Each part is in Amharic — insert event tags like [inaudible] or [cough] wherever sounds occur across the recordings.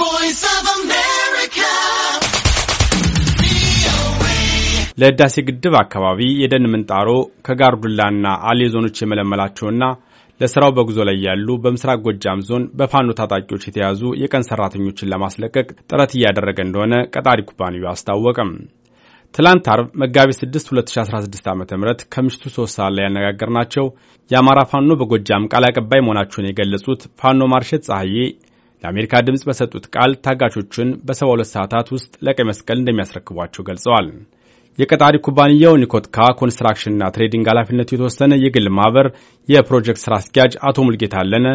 ቮይስ ኦፍ አሜሪካ ለህዳሴ ግድብ አካባቢ የደን ምንጣሮ ከጋርዱላና አሌ ዞኖች የመለመላቸውና ለስራው በጉዞ ላይ ያሉ በምስራቅ ጎጃም ዞን በፋኖ ታጣቂዎች የተያዙ የቀን ሰራተኞችን ለማስለቀቅ ጥረት እያደረገ እንደሆነ ቀጣሪ ኩባንያው አስታወቀም። ትላንት አርብ መጋቢት 6 2016 ዓ ም ከምሽቱ 3 ሰዓት ላይ ያነጋገርናቸው የአማራ ፋኖ በጎጃም ቃል አቀባይ መሆናቸውን የገለጹት ፋኖ ማርሸት ፀሐዬ ለአሜሪካ ድምፅ በሰጡት ቃል ታጋቾቹን በሰባ ሁለት ሰዓታት ውስጥ ለቀይ መስቀል እንደሚያስረክቧቸው ገልጸዋል። የቀጣሪ ኩባንያው ኒኮትካ ኮንስትራክሽንና ትሬዲንግ ኃላፊነቱ የተወሰነ የግል ማህበር የፕሮጀክት ስራ አስኪያጅ አቶ ሙልጌታ አለነ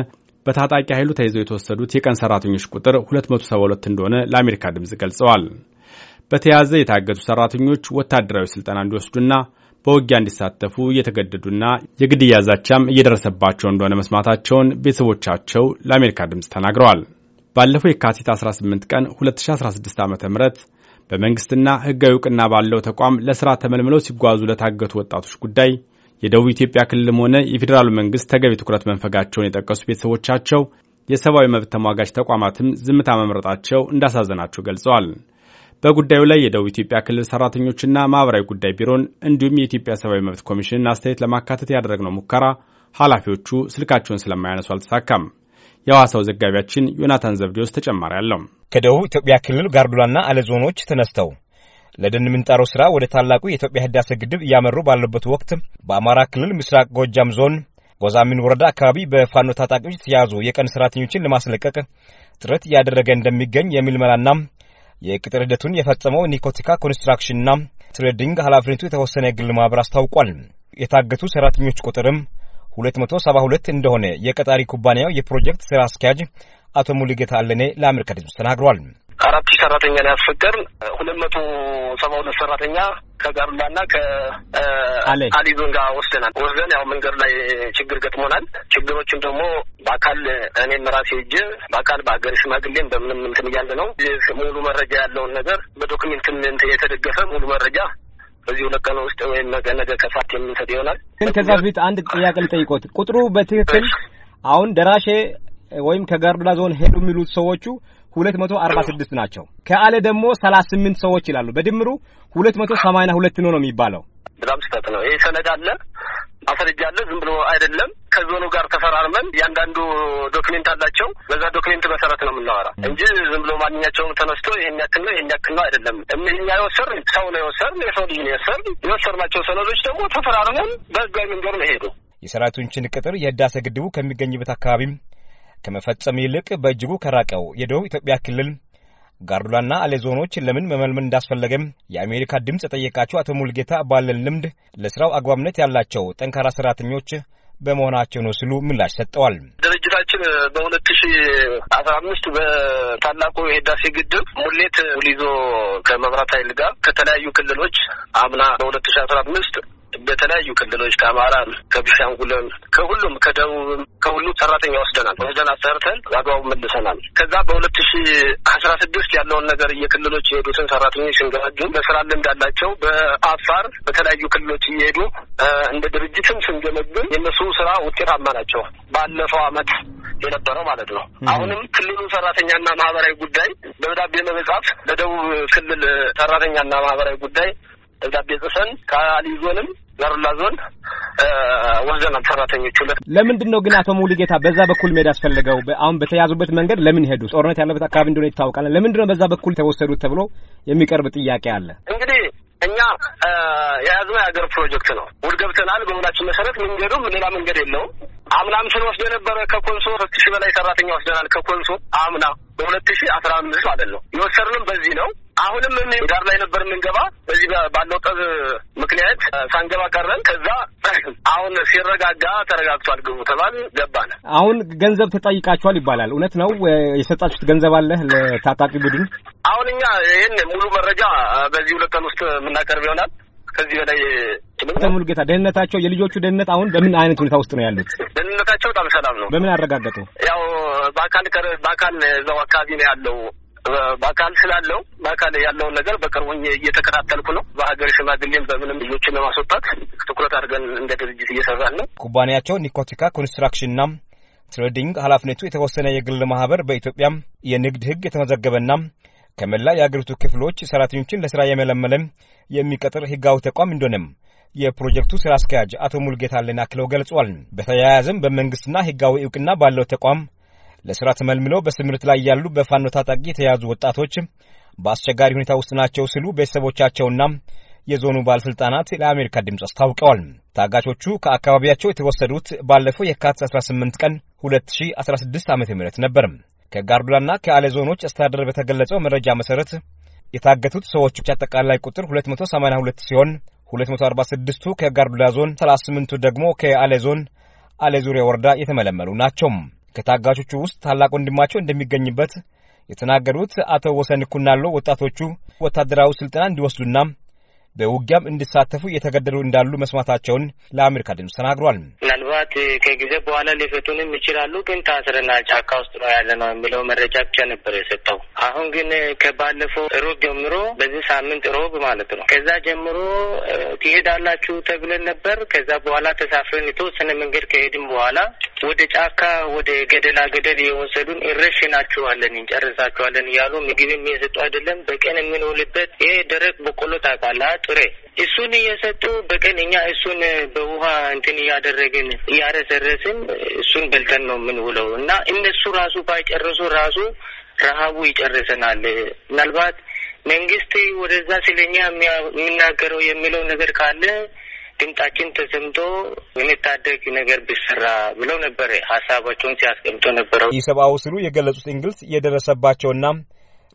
በታጣቂ ኃይሉ ተይዘው የተወሰዱት የቀን ሰራተኞች ቁጥር 272 እንደሆነ ለአሜሪካ ድምፅ ገልጸዋል። በተያያዘ የታገቱ ሰራተኞች ወታደራዊ ስልጠና እንዲወስዱና በውጊያ እንዲሳተፉ እየተገደዱና የግድያ ዛቻም እየደረሰባቸው እንደሆነ መስማታቸውን ቤተሰቦቻቸው ለአሜሪካ ድምፅ ተናግረዋል። ባለፈው የካቲት 18 ቀን 2016 ዓ ም በመንግሥትና ሕጋዊ እውቅና ባለው ተቋም ለሥራ ተመልምለው ሲጓዙ ለታገቱ ወጣቶች ጉዳይ የደቡብ ኢትዮጵያ ክልልም ሆነ የፌዴራሉ መንግሥት ተገቢ ትኩረት መንፈጋቸውን የጠቀሱ ቤተሰቦቻቸው የሰብአዊ መብት ተሟጋጅ ተቋማትም ዝምታ መምረጣቸው እንዳሳዘናቸው ገልጸዋል። በጉዳዩ ላይ የደቡብ ኢትዮጵያ ክልል ሰራተኞችና ማኅበራዊ ጉዳይ ቢሮን እንዲሁም የኢትዮጵያ ሰብአዊ መብት ኮሚሽንን አስተያየት ለማካተት ያደረግነው ሙከራ ኃላፊዎቹ ስልካቸውን ስለማያነሱ አልተሳካም። የሐዋሳው ዘጋቢያችን ዮናታን ዘብዴዎስ ተጨማሪ አለው። ከደቡብ ኢትዮጵያ ክልል ጋርዱላና አለ ዞኖች ተነስተው ለደን ምንጣሮ ስራ ወደ ታላቁ የኢትዮጵያ ህዳሴ ግድብ እያመሩ ባለበት ወቅት በአማራ ክልል ምስራቅ ጎጃም ዞን ጎዛሚን ወረዳ አካባቢ በፋኖ ታጣቂዎች የተያዙ የቀን ሰራተኞችን ለማስለቀቅ ጥረት እያደረገ እንደሚገኝ የምልመላና የቅጥር ሂደቱን የፈጸመው ኒኮቲካ ኮንስትራክሽንና ትሬዲንግ ኃላፊነቱ የተወሰነ የግል ማህበር አስታውቋል። የታገቱ ሰራተኞች ቁጥርም 272 እንደሆነ የቀጣሪ ኩባንያው የፕሮጀክት ስራ አስኪያጅ አቶ ሙሉጌታ አለኔ ለአሜሪካ ድምፅ ተናግሯል። አራት ሺህ ሰራተኛ ነው ያስፈቀር ሁለት መቶ ሰባ ሁለት ሰራተኛ ከጋሩላና ከአሊ ዞን ጋር ወስደናል። ወስደን ያው መንገድ ላይ ችግር ገጥሞናል። ችግሮችን ደግሞ በአካል እኔም ራሴ እጅ በአካል በሀገር ሽማግሌን በምንም እንትን እያለ ነው ሙሉ መረጃ ያለውን ነገር በዶክሜንት እንትን የተደገፈ ሙሉ መረጃ በዚህ ሁለት ቀን ውስጥ ወይም ነገ ነገ ከሰዓት የምንሰጥ ይሆናል። ግን ከዛ በፊት አንድ ጥያቄ ልጠይቆት፣ ቁጥሩ በትክክል አሁን ደራሼ ወይም ከጋርዱላ ዞን ሄዱ የሚሉት ሰዎቹ ሁለት መቶ አርባ ስድስት ናቸው። ከአለ ደግሞ ሰላሳ ስምንት ሰዎች ይላሉ። በድምሩ ሁለት መቶ ሰማንያ ሁለት ነው ነው የሚባለው በጣም ስህተት ነው። ይህ ሰነድ አለ፣ ማስረጃ አለ። ዝም ብሎ አይደለም። ከዞኑ ጋር ተፈራርመን እያንዳንዱ ዶክሜንት አላቸው። በዛ ዶክሜንት መሰረት ነው የምናወራ እንጂ ዝም ብሎ ማንኛቸውም ተነስቶ ይሄን ያክል ነው ይሄን ያክል ነው አይደለም። እኛ የወሰርን ሰው ነው የወሰርን፣ የሰው ልጅ ነው የወሰርን። የወሰርናቸው ሰነዶች ደግሞ ተፈራርመን በህጋዊ መንገድ ነው ሄዱ። የሰራዊቶችን ቅጥር የህዳሴ ግድቡ ከሚገኝበት አካባቢም ከመፈጸም ይልቅ በእጅጉ ከራቀው የደቡብ ኢትዮጵያ ክልል ጋርዱላና አሌ ዞኖች ለምን መመልመል እንዳስፈለገም የአሜሪካ ድምፅ የጠየቃቸው አቶ ሙልጌታ ባለን ልምድ ለስራው አግባብነት ያላቸው ጠንካራ ሰራተኞች በመሆናቸው ነው ሲሉ ምላሽ ሰጠዋል። ድርጅታችን በሁለት ሺ አስራ አምስት በታላቁ የህዳሴ ግድብ ሙሌት ሊዞ ከመብራት ኃይል ጋር ከተለያዩ ክልሎች አምና በሁለት ሺ አስራ አምስት በተለያዩ ክልሎች ከአማራ፣ ከቢሻንጉለን፣ ከሁሉም ከደቡብም ከሁሉ ሰራተኛ ወስደናል ወስደን አሰርተን አግባቡ መልሰናል። ከዛ በሁለት ሺ አስራ ስድስት ያለውን ነገር የክልሎች የሄዱትን ሰራተኞች ስንገናኙ በስራ ልምድ አላቸው። በአፋር በተለያዩ ክልሎች እየሄዱ እንደ ድርጅትም ስንገመግም የእነሱ ስራ ውጤታማ ናቸው ባለፈው አመት የነበረው ማለት ነው። አሁንም ክልሉ ሰራተኛና ማህበራዊ ጉዳይ ደብዳቤ በመጻፍ ለደቡብ ክልል ሰራተኛና ማህበራዊ ጉዳይ ደብዳቤ ጽፈን ከአሊ ዞንም ጋሩላ ዞን ወዘናል ሰራተኞቹ። ለምንድን ነው ግን አቶ ሙሉጌታ በዛ በኩል መሄድ ያስፈልገው? አሁን በተያዙበት መንገድ ለምን ሄዱ? ጦርነት ያለበት አካባቢ እንደሆነ ይታወቃል። ለምንድን ነው በዛ በኩል ተወሰዱት ተብሎ የሚቀርብ ጥያቄ አለ። እንግዲህ እኛ የያዝነው የሀገር ፕሮጀክት ነው። ውድ ገብተናል። በሁላችን መሰረት መንገዱም ሌላ መንገድ የለውም። አምናም ስንወስድ የነበረ ከኮንሶ ሁለት ሺህ በላይ ሰራተኛ ወስደናል። ከኮንሶ አምና በሁለት ሺህ አስራ አምስት ማለት ነው የወሰድንም በዚህ ነው አሁንም ዳር ላይ ነበር የምንገባ በዚህ ባለው ጠብ ምክንያት ሳንገባ ቀረን። ከዛ [clears throat] አሁን ሲረጋጋ ተረጋግቷል ግቡ ተባል ገባን። አሁን ገንዘብ ተጠይቃችኋል ይባላል እውነት ነው? የሰጣችሁት ገንዘብ አለ ለታጣቂ ቡድን? አሁን እኛ ይህን ሙሉ መረጃ በዚህ ሁለት ቀን ውስጥ የምናቀርብ ይሆናል። ከዚህ በላይ ጌታ ደህንነታቸው የልጆቹ ደህንነት አሁን በምን አይነት ሁኔታ ውስጥ ነው ያሉት? ደህንነታቸው በጣም ሰላም ነው። በምን አረጋገጡ? ያው በአካል በአካል እዛው አካባቢ ነው ያለው በአካል ስላለው በአካል ያለውን ነገር በቅርቡ እየተከታተልኩ ነው። በሀገር ሽማግሌም በምንም ልጆችን ለማስወጣት ትኩረት አድርገን እንደ ድርጅት እየሰራን ነው። ኩባንያቸው ኒኮቲካ ኮንስትራክሽንና ትሬዲንግ ኃላፊነቱ የተወሰነ የግል ማህበር በኢትዮጵያ የንግድ ህግ የተመዘገበና ከመላ የአገሪቱ ክፍሎች ሰራተኞችን ለስራ የመለመለ የሚቀጥር ህጋዊ ተቋም እንደሆነም የፕሮጀክቱ ስራ አስኪያጅ አቶ ሙልጌታ አለን አክለው ገልጿል። በተያያዘም በመንግስትና ህጋዊ እውቅና ባለው ተቋም ለስራ ተመልምለው በስምርት ላይ ያሉ በፋኖ ታጣቂ የተያዙ ወጣቶች በአስቸጋሪ ሁኔታ ውስጥ ናቸው ሲሉ ቤተሰቦቻቸውና የዞኑ ባለስልጣናት ለአሜሪካ ድምፅ አስታውቀዋል። ታጋቾቹ ከአካባቢያቸው የተወሰዱት ባለፈው የካቲት 18 ቀን 2016 ዓ ም ነበር። ከጋርዱላና ከአለ ዞኖች አስተዳደር በተገለጸው መረጃ መሠረት የታገቱት ሰዎች አጠቃላይ ቁጥር 282 ሲሆን 246ቱ ከጋርዱላ ዞን፣ 38ቱ ደግሞ ከአለ ዞን አለ ዙሪያ ወረዳ የተመለመሉ ናቸው። ከታጋቾቹ ውስጥ ታላቅ ወንድማቸው እንደሚገኝበት የተናገሩት አቶ ወሰን ኩናሎ ወጣቶቹ ወታደራዊ ስልጠና እንዲወስዱና በውጊያም እንዲሳተፉ እየተገደዱ እንዳሉ መስማታቸውን ለአሜሪካ ድምፅ ተናግሯል። ምናልባት ከጊዜ በኋላ ሊፈቱንም ይችላሉ፣ ግን ታስረናል፣ ጫካ ውስጥ ነው ያለ ነው የሚለው መረጃ ብቻ ነበር የሰጠው። አሁን ግን ከባለፈው ሮብ ጀምሮ በዚህ ሳምንት ሮብ ማለት ነው ከዛ ጀምሮ ትሄዳላችሁ ተብለን ነበር። ከዛ በኋላ ተሳፍረን የተወሰነ መንገድ ከሄድም በኋላ ወደ ጫካ ወደ ገደላ ገደል የወሰዱን እረሽናችኋለን፣ እንጨርሳችኋለን እያሉ ምግብ የሚሰጡ አይደለም። በቀን የምንውልበት ይሄ ደረቅ በቆሎ ታውቃለህ ጥሬ እሱን እየሰጡ በቀን እኛ እሱን በውሃ እንትን እያደረግን እያረሰረስን እሱን በልተን ነው የምንውለው እና እነሱ ራሱ ባይጨርሱ ራሱ ረሀቡ ይጨርሰናል። ምናልባት መንግስት ወደዛ ስለኛ የሚናገረው የሚለው ነገር ካለ ድምጣችን ተሰምቶ የሚታደግ ነገር ቢሰራ ብለው ነበር ሀሳባቸውን ሲያስቀምጦ ነበረው። ኢሰብአዊ ሲሉ የገለጹት እንግልት የደረሰባቸውና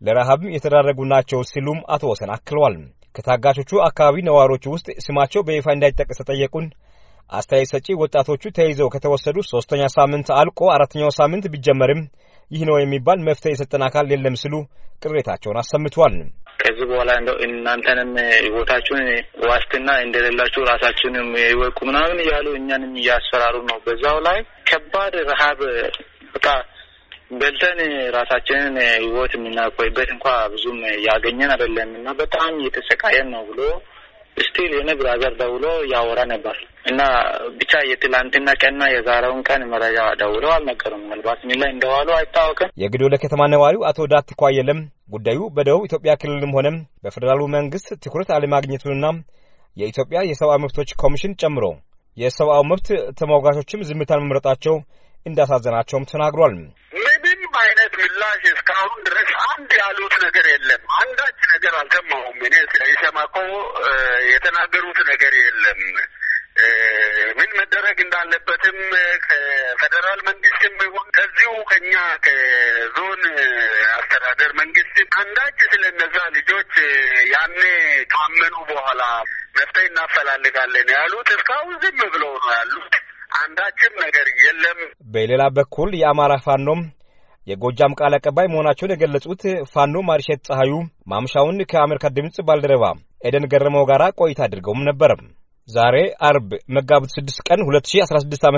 ለረሀብም የተዳረጉ ናቸው ሲሉም አቶ ወሰን አክለዋል። ከታጋቾቹ አካባቢ ነዋሪዎች ውስጥ ስማቸው በይፋ እንዳይጠቀስ ተጠየቁን አስተያየት ሰጪ ወጣቶቹ ተይዘው ከተወሰዱ ሶስተኛ ሳምንት አልቆ አራተኛው ሳምንት ቢጀመርም ይህ ነው የሚባል መፍትሄ የሰጠን አካል የለም ሲሉ ቅሬታቸውን አሰምቷል። ከዚህ በኋላ እንደው እናንተንም ቦታችሁን ዋስትና እንደሌላችሁ ራሳችሁንም ይወቁ ምናምን እያሉ እኛንም እያስፈራሩ ነው። በዛው ላይ ከባድ ረሀብ በቃ በልተን ራሳችንን ህይወት የምናቆይበት እንኳ ብዙም ያገኘን አይደለም እና በጣም እየተሰቃየን ነው ብሎ ስቲል የንብር ብራዘር ደውሎ ያወራ ነበር እና ብቻ የትላንትና ቀንና የዛሬውን ቀን መረጃ ደውለው አልነገሩም። ምናልባት ሚ ላይ እንደዋሉ አይታወቅም። የግዶለ ከተማ ነዋሪው አቶ ዳት ኳየለም ጉዳዩ በደቡብ ኢትዮጵያ ክልልም ሆነም በፌዴራሉ መንግስት ትኩረት አለማግኘቱንና የኢትዮጵያ የሰብአዊ መብቶች ኮሚሽን ጨምሮ የሰብአዊ መብት ተሟጋቾችም ዝምታን መምረጣቸው እንዳሳዘናቸውም ተናግሯል። አይነት ምላሽ እስካሁን ድረስ አንድ ያሉት ነገር የለም። አንዳች ነገር አልሰማሁም። እኔ ይሰማ የተናገሩት ነገር የለም። ምን መደረግ እንዳለበትም ከፌደራል መንግስትም ይሁን ከዚሁ ከኛ ከዞን አስተዳደር መንግስት አንዳች ስለነዛ ልጆች ያኔ ካመኑ በኋላ መፍትሄ እናፈላልጋለን ያሉት እስካሁን ዝም ብለው ነው ያሉት። አንዳችም ነገር የለም። በሌላ በኩል የአማራ ፋኖም የጎጃም ቃል አቀባይ መሆናቸውን የገለጹት ፋኖ ማርሸት ፀሐዩ ማምሻውን ከአሜሪካ ድምፅ ባልደረባ ኤደን ገረመው ጋር ቆይታ አድርገውም ነበር። ዛሬ አርብ መጋቢት 6 ቀን 2016 ዓ ም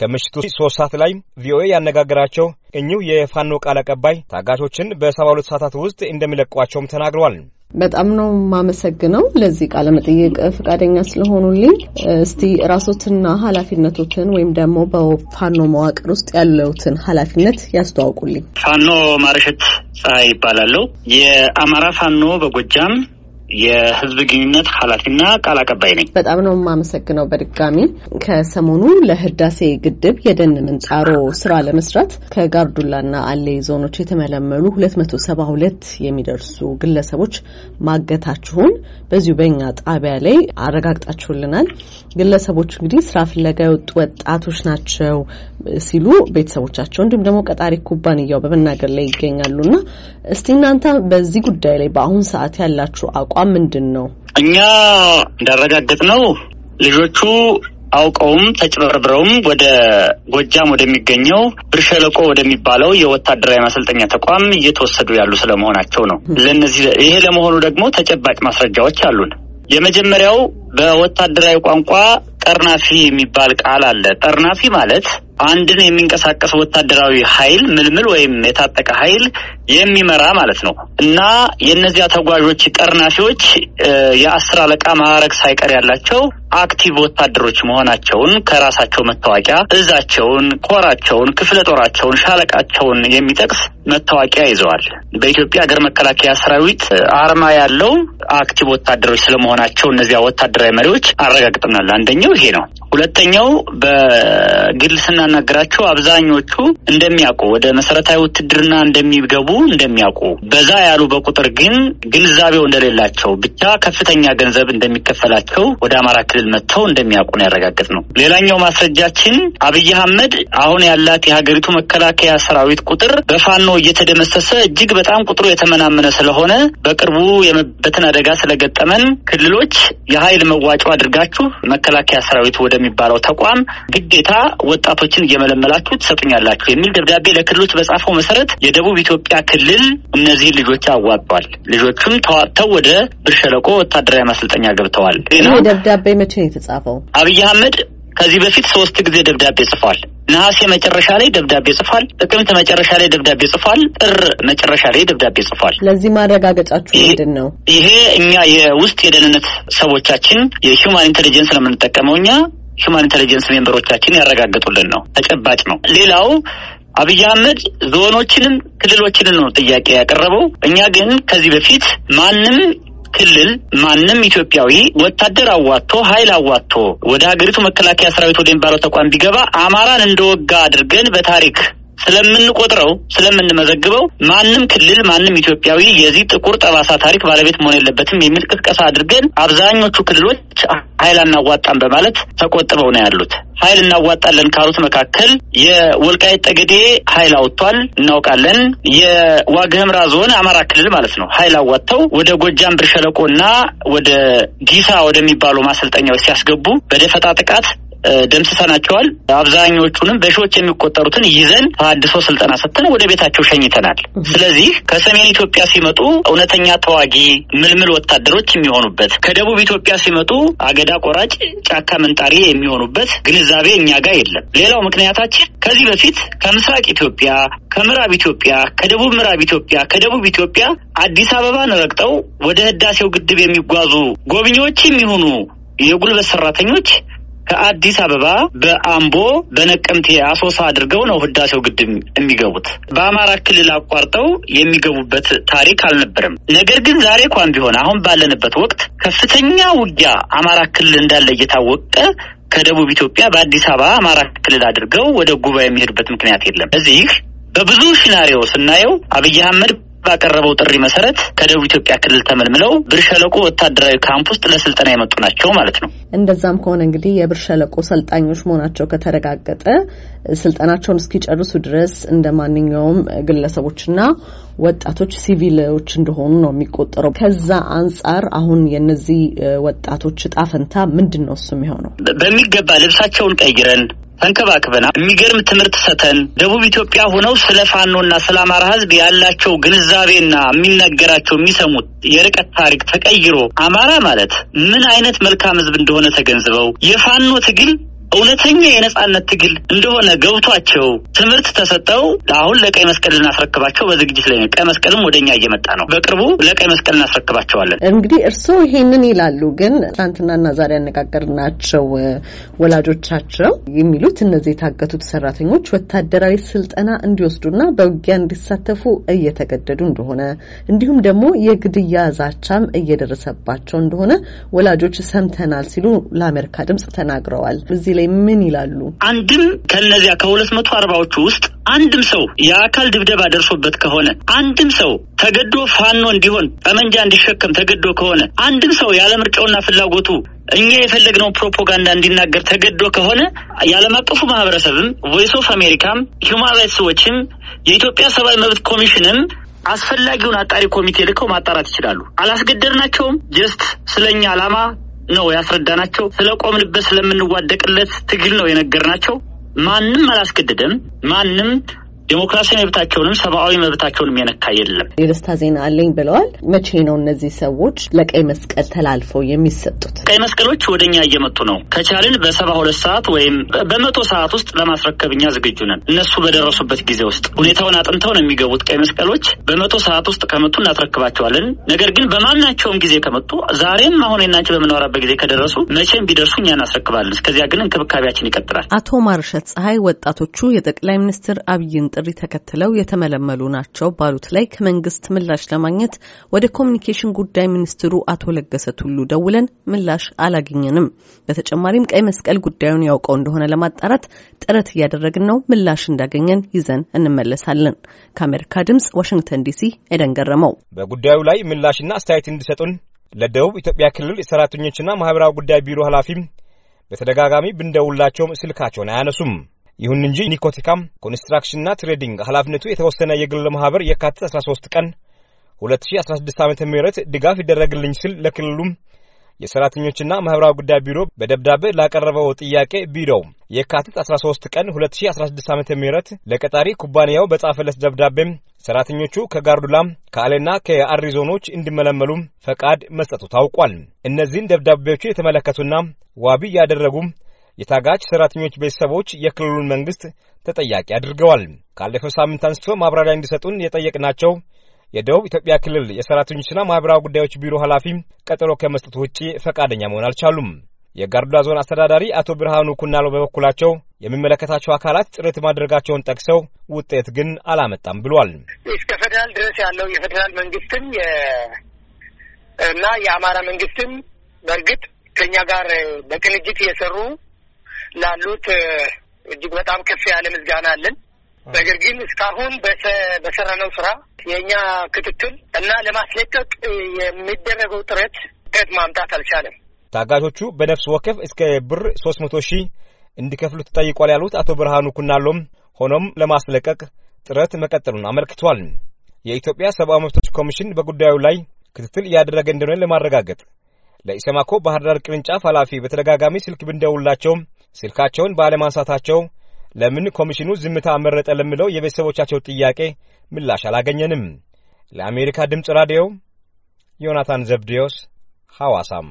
ከምሽቱ 3 ሰዓት ላይ ቪኦኤ ያነጋገራቸው እኚሁ የፋኖ ቃል አቀባይ ታጋቾችን በ72 ሰዓታት ውስጥ እንደሚለቋቸውም ተናግረዋል። በጣም ነው የማመሰግነው ለዚህ ቃለ መጠየቅ ፈቃደኛ ስለሆኑልኝ። እስቲ ራሶትና ኃላፊነቶትን ወይም ደግሞ በፋኖ መዋቅር ውስጥ ያለውትን ኃላፊነት ያስተዋውቁልኝ። ፋኖ ማረሸት ፀሐይ ይባላለሁ። የአማራ ፋኖ በጎጃም የህዝብ ግንኙነት ኃላፊና ቃል አቀባይ ነኝ። በጣም ነው የማመሰግነው። በድጋሚ ከሰሞኑ ለህዳሴ ግድብ የደን ምንጣሮ ስራ ለመስራት ከጋርዱላና አሌ ዞኖች የተመለመሉ ሁለት መቶ ሰባ ሁለት የሚደርሱ ግለሰቦች ማገታችሁን በዚሁ በኛ ጣቢያ ላይ አረጋግጣችሁልናል። ግለሰቦች እንግዲህ ስራ ፍለጋ የወጡ ወጣቶች ናቸው ሲሉ ቤተሰቦቻቸው እንዲሁም ደግሞ ቀጣሪ ኩባንያው በመናገር ላይ ይገኛሉና እስቲ እናንተ በዚህ ጉዳይ ላይ በአሁን ሰዓት ያላችሁ አቋ አቋም ምንድን ነው? እኛ እንዳረጋገጥ ነው ልጆቹ አውቀውም ተጭበርብረውም ወደ ጎጃም ወደሚገኘው ብር ሸለቆ ወደሚባለው የወታደራዊ ማሰልጠኛ ተቋም እየተወሰዱ ያሉ ስለመሆናቸው ነው። ለነዚህ ይሄ ለመሆኑ ደግሞ ተጨባጭ ማስረጃዎች አሉን። የመጀመሪያው በወታደራዊ ቋንቋ ጠርናፊ የሚባል ቃል አለ። ጠርናፊ ማለት አንድን የሚንቀሳቀስ ወታደራዊ ኃይል ምልምል ወይም የታጠቀ ኃይል የሚመራ ማለት ነው እና የእነዚያ ተጓዦች ጠርናፊዎች የአስር አለቃ ማዕረግ ሳይቀር ያላቸው አክቲቭ ወታደሮች መሆናቸውን ከራሳቸው መታወቂያ እዛቸውን፣ ኮራቸውን፣ ክፍለ ጦራቸውን፣ ሻለቃቸውን የሚጠቅስ መታወቂያ ይዘዋል። በኢትዮጵያ ሀገር መከላከያ ሰራዊት አርማ ያለው አክቲቭ ወታደሮች ስለመሆናቸው እነዚያ ወታደራዊ መሪዎች አረጋግጠናል። አንደኛው ይሄ ነው። ሁለተኛው በግል ስናናገራቸው አብዛኞቹ እንደሚያውቁ ወደ መሰረታዊ ውትድርና እንደሚገቡ እንደሚያውቁ፣ በዛ ያሉ በቁጥር ግን ግንዛቤው እንደሌላቸው ብቻ ከፍተኛ ገንዘብ እንደሚከፈላቸው ወደ አማራ ክልል መጥተው እንደሚያውቁ ነው ያረጋገጥ ነው። ሌላኛው ማስረጃችን አብይ አህመድ አሁን ያላት የሀገሪቱ መከላከያ ሰራዊት ቁጥር በፋኖ እየተደመሰሰ እጅግ በጣም ቁጥሩ የተመናመነ ስለሆነ በቅርቡ የመበተን አደጋ ስለገጠመን ክልሎች የሀይል መዋጮ አድርጋችሁ መከላከያ ሰራዊት ወደሚባለው ተቋም ግዴታ ወጣቶችን እየመለመላችሁ ትሰጡኛላችሁ የሚል ደብዳቤ ለክልሎች በጻፈው መሰረት የደቡብ ኢትዮጵያ ክልል እነዚህ ልጆች አዋጧል። ልጆቹም ተዋጥተው ወደ ብር ሸለቆ ወታደራዊ ማሰልጠኛ ገብተዋል። ይህ ደብዳቤ መቼ የተጻፈው? አብይ አህመድ ከዚህ በፊት ሶስት ጊዜ ደብዳቤ ጽፏል። ነሐሴ መጨረሻ ላይ ደብዳቤ ጽፏል። ጥቅምት መጨረሻ ላይ ደብዳቤ ጽፏል። ጥር መጨረሻ ላይ ደብዳቤ ጽፏል። ለዚህ ማረጋገጫችሁ ምንድን ነው? ይሄ እኛ የውስጥ የደህንነት ሰዎቻችን የሂውማን ኢንቴሊጀንስ ነው የምንጠቀመው እኛ ሂውማን ኢንቴሊጀንስ ሜምበሮቻችን ያረጋግጡልን ነው። ተጨባጭ ነው። ሌላው አብይ አህመድ ዞኖችንም ክልሎችንም ነው ጥያቄ ያቀረበው። እኛ ግን ከዚህ በፊት ማንም ክልል ማንም ኢትዮጵያዊ ወታደር አዋጥቶ ኃይል አዋጥቶ ወደ ሀገሪቱ መከላከያ ሰራዊት ወደሚባለው ተቋም ቢገባ አማራን እንደወጋ አድርገን በታሪክ ስለምንቆጥረው ስለምንመዘግበው ማንም ክልል ማንም ኢትዮጵያዊ የዚህ ጥቁር ጠባሳ ታሪክ ባለቤት መሆን የለበትም የሚል ቅስቀሳ አድርገን አብዛኞቹ ክልሎች ኃይል አናዋጣም በማለት ተቆጥበው ነው ያሉት። ኃይል እናዋጣለን ካሉት መካከል የወልቃይት ጠገዴ ኃይል አውጥቷል፣ እናውቃለን። የዋግ ዞን አማራ ክልል ማለት ነው ኃይል አዋጥተው ወደ ጎጃም ብር እና ወደ ጊሳ ወደሚባሉ ማሰልጠኛዎች ሲያስገቡ በደፈጣ ጥቃት ደምስሰናቸዋል። አብዛኞቹንም በሺዎች የሚቆጠሩትን ይዘን ተሃድሶ ስልጠና ሰጥተን ወደ ቤታቸው ሸኝተናል። ስለዚህ ከሰሜን ኢትዮጵያ ሲመጡ እውነተኛ ተዋጊ ምልምል ወታደሮች የሚሆኑበት፣ ከደቡብ ኢትዮጵያ ሲመጡ አገዳ ቆራጭ ጫካ መንጣሪ የሚሆኑበት ግንዛቤ እኛ ጋር የለም። ሌላው ምክንያታችን ከዚህ በፊት ከምስራቅ ኢትዮጵያ፣ ከምዕራብ ኢትዮጵያ፣ ከደቡብ ምዕራብ ኢትዮጵያ፣ ከደቡብ ኢትዮጵያ አዲስ አበባን ረግጠው ወደ ህዳሴው ግድብ የሚጓዙ ጎብኚዎች የሚሆኑ የጉልበት ሰራተኞች ከአዲስ አበባ በአምቦ በነቀምቴ አሶሳ አድርገው ነው ህዳሴው ግድብ የሚገቡት። በአማራ ክልል አቋርጠው የሚገቡበት ታሪክ አልነበረም። ነገር ግን ዛሬ እንኳን ቢሆን አሁን ባለንበት ወቅት ከፍተኛ ውጊያ አማራ ክልል እንዳለ እየታወቀ ከደቡብ ኢትዮጵያ በአዲስ አበባ አማራ ክልል አድርገው ወደ ጉባኤ የሚሄዱበት ምክንያት የለም። እዚህ በብዙ ሲናሪዮ ስናየው አብይ አህመድ ባቀረበው ጥሪ መሰረት ከደቡብ ኢትዮጵያ ክልል ተመልምለው ብር ሸለቆ ወታደራዊ ካምፕ ውስጥ ለስልጠና የመጡ ናቸው ማለት ነው። እንደዛም ከሆነ እንግዲህ የብር ሸለቆ ሰልጣኞች መሆናቸው ከተረጋገጠ ስልጠናቸውን እስኪጨርሱ ድረስ እንደ ማንኛውም ግለሰቦችና ወጣቶች ሲቪሎች እንደሆኑ ነው የሚቆጠረው። ከዛ አንጻር አሁን የነዚህ ወጣቶች እጣ ፈንታ ምንድን ነው? እሱ የሚሆነው በሚገባ ልብሳቸውን ቀይረን ተንከባክበና የሚገርም ትምህርት ሰተን ደቡብ ኢትዮጵያ ሆነው ስለ ፋኖና ስለ አማራ ህዝብ ያላቸው ግንዛቤና የሚነገራቸው የሚሰሙት የርቀት ታሪክ ተቀይሮ አማራ ማለት ምን አይነት መልካም ህዝብ እንደሆነ ተገንዝበው የፋኖ ትግል እውነተኛ የነጻነት ትግል እንደሆነ ገብቷቸው ትምህርት ተሰጠው አሁን ለቀይ መስቀል ልናስረክባቸው በዝግጅት ላይ ነው። ቀይ መስቀልም ወደኛ እየመጣ ነው። በቅርቡ ለቀይ መስቀል እናስረክባቸዋለን። እንግዲህ እርስዎ ይሄንን ይላሉ፣ ግን ትናንትናና ዛሬ ያነጋገርናቸው ወላጆቻቸው የሚሉት እነዚህ የታገቱት ሰራተኞች ወታደራዊ ስልጠና እንዲወስዱና በውጊያ እንዲሳተፉ እየተገደዱ እንደሆነ እንዲሁም ደግሞ የግድያ ዛቻም እየደረሰባቸው እንደሆነ ወላጆች ሰምተናል ሲሉ ለአሜሪካ ድምጽ ተናግረዋል። እዚህ ላይ ምን ይላሉ? አንድም ከነዚያ ከሁለት መቶ አርባዎቹ ውስጥ አንድም ሰው የአካል ድብደባ ደርሶበት ከሆነ አንድም ሰው ተገዶ ፋኖ እንዲሆን ጠመንጃ እንዲሸከም ተገዶ ከሆነ አንድም ሰው ያለ ምርጫውና ፍላጎቱ እኛ የፈለግነው ፕሮፓጋንዳ እንዲናገር ተገዶ ከሆነ የዓለም አቀፉ ማህበረሰብም ቮይስ ኦፍ አሜሪካም ሂውማን ራይትስ ዎችም የኢትዮጵያ ሰብአዊ መብት ኮሚሽንም አስፈላጊውን አጣሪ ኮሚቴ ልከው ማጣራት ይችላሉ። አላስገደድናቸውም። ጀስት ስለኛ ዓላማ ነው ያስረዳናቸው። ስለቆምንበት ስለምንዋደቅለት ትግል ነው የነገርናቸው። ማንም አላስገደደም። ማንም ዲሞክራሲያዊ መብታቸውንም ሰብአዊ መብታቸውንም የነካ የለም። የደስታ ዜና አለኝ ብለዋል። መቼ ነው እነዚህ ሰዎች ለቀይ መስቀል ተላልፈው የሚሰጡት? ቀይ መስቀሎች ወደ እኛ እየመጡ ነው። ከቻልን በሰባ ሁለት ሰዓት ወይም በመቶ ሰዓት ውስጥ ለማስረከብ እኛ ዝግጁ ነን። እነሱ በደረሱበት ጊዜ ውስጥ ሁኔታውን አጥንተው ነው የሚገቡት። ቀይ መስቀሎች በመቶ ሰዓት ውስጥ ከመጡ እናስረክባቸዋለን። ነገር ግን በማናቸውም ጊዜ ከመጡ ዛሬም አሁን ናቸው በምንወራበት ጊዜ ከደረሱ መቼም ቢደርሱ እኛ እናስረክባለን። እስከዚያ ግን እንክብካቤያችን ይቀጥላል። አቶ ማርሸት ፀሐይ ወጣቶቹ የጠቅላይ ሚኒስትር አብይን ጥሪ ተከትለው የተመለመሉ ናቸው ባሉት ላይ ከመንግስት ምላሽ ለማግኘት ወደ ኮሚኒኬሽን ጉዳይ ሚኒስትሩ አቶ ለገሰ ቱሉ ደውለን ምላሽ አላገኘንም። በተጨማሪም ቀይ መስቀል ጉዳዩን ያውቀው እንደሆነ ለማጣራት ጥረት እያደረግን ነው። ምላሽ እንዳገኘን ይዘን እንመለሳለን። ከአሜሪካ ድምጽ ዋሽንግተን ዲሲ ኤደን ገረመው። በጉዳዩ ላይ ምላሽና አስተያየት እንዲሰጡን ለደቡብ ኢትዮጵያ ክልል የሰራተኞችና ማህበራዊ ጉዳይ ቢሮ ኃላፊም በተደጋጋሚ ብንደውላቸውም ስልካቸውን አያነሱም። ይሁን እንጂ ኒኮቴካም ኮንስትራክሽንና ትሬዲንግ ኃላፊነቱ የተወሰነ የግል ማህበር የካቲት 13 ቀን 2016 ዓ ም ድጋፍ ይደረግልኝ ሲል ለክልሉም የሰራተኞችና ማህበራዊ ጉዳይ ቢሮ በደብዳቤ ላቀረበው ጥያቄ ቢሮው የካቲት 13 ቀን 2016 ዓ ም ለቀጣሪ ኩባንያው በጻፈለት ደብዳቤም ሰራተኞቹ ከጋርዱላ ከአሌና ከአሪ ዞኖች እንዲመለመሉ ፈቃድ መስጠቱ ታውቋል። እነዚህን ደብዳቤዎቹ የተመለከቱና ዋቢ ያደረጉ የታጋች ሰራተኞች ቤተሰቦች የክልሉን መንግስት ተጠያቂ አድርገዋል። ካለፈው ሳምንት አንስቶ ማብራሪያ እንዲሰጡን የጠየቅናቸው የደቡብ ኢትዮጵያ ክልል የሰራተኞችና ማህበራዊ ጉዳዮች ቢሮ ኃላፊ ቀጠሮ ከመስጠት ውጪ ፈቃደኛ መሆን አልቻሉም። የጋርዱላ ዞን አስተዳዳሪ አቶ ብርሃኑ ኩናሎ በበኩላቸው የሚመለከታቸው አካላት ጥረት ማድረጋቸውን ጠቅሰው ውጤት ግን አላመጣም ብሏል። እስከ ፌዴራል ድረስ ያለው የፌዴራል መንግስትም እና የአማራ መንግስትም በእርግጥ ከኛ ጋር በቅንጅት እየሰሩ ላሉት እጅግ በጣም ከፍ ያለ ምዝጋና አለን። ነገር ግን እስካሁን በሰራነው ስራ የእኛ ክትትል እና ለማስለቀቅ የሚደረገው ጥረት ውጤት ማምጣት አልቻለም። ታጋቾቹ በነፍስ ወከፍ እስከ ብር ሶስት መቶ ሺህ እንዲከፍሉ ተጠይቋል ያሉት አቶ ብርሃኑ ኩናሎም ሆኖም ለማስለቀቅ ጥረት መቀጠሉን አመልክቷል። የኢትዮጵያ ሰብአዊ መብቶች ኮሚሽን በጉዳዩ ላይ ክትትል እያደረገ እንደሆነ ለማረጋገጥ ለኢሰማኮ ባህር ዳር ቅርንጫፍ ኃላፊ በተደጋጋሚ ስልክ ብንደውላቸውም ስልካቸውን ባለማንሳታቸው ለምን ኮሚሽኑ ዝምታ አመረጠ ለሚለው የቤተሰቦቻቸው ጥያቄ ምላሽ አላገኘንም። ለአሜሪካ ድምፅ ራዲዮ ዮናታን ዘብዴዎስ ሐዋሳም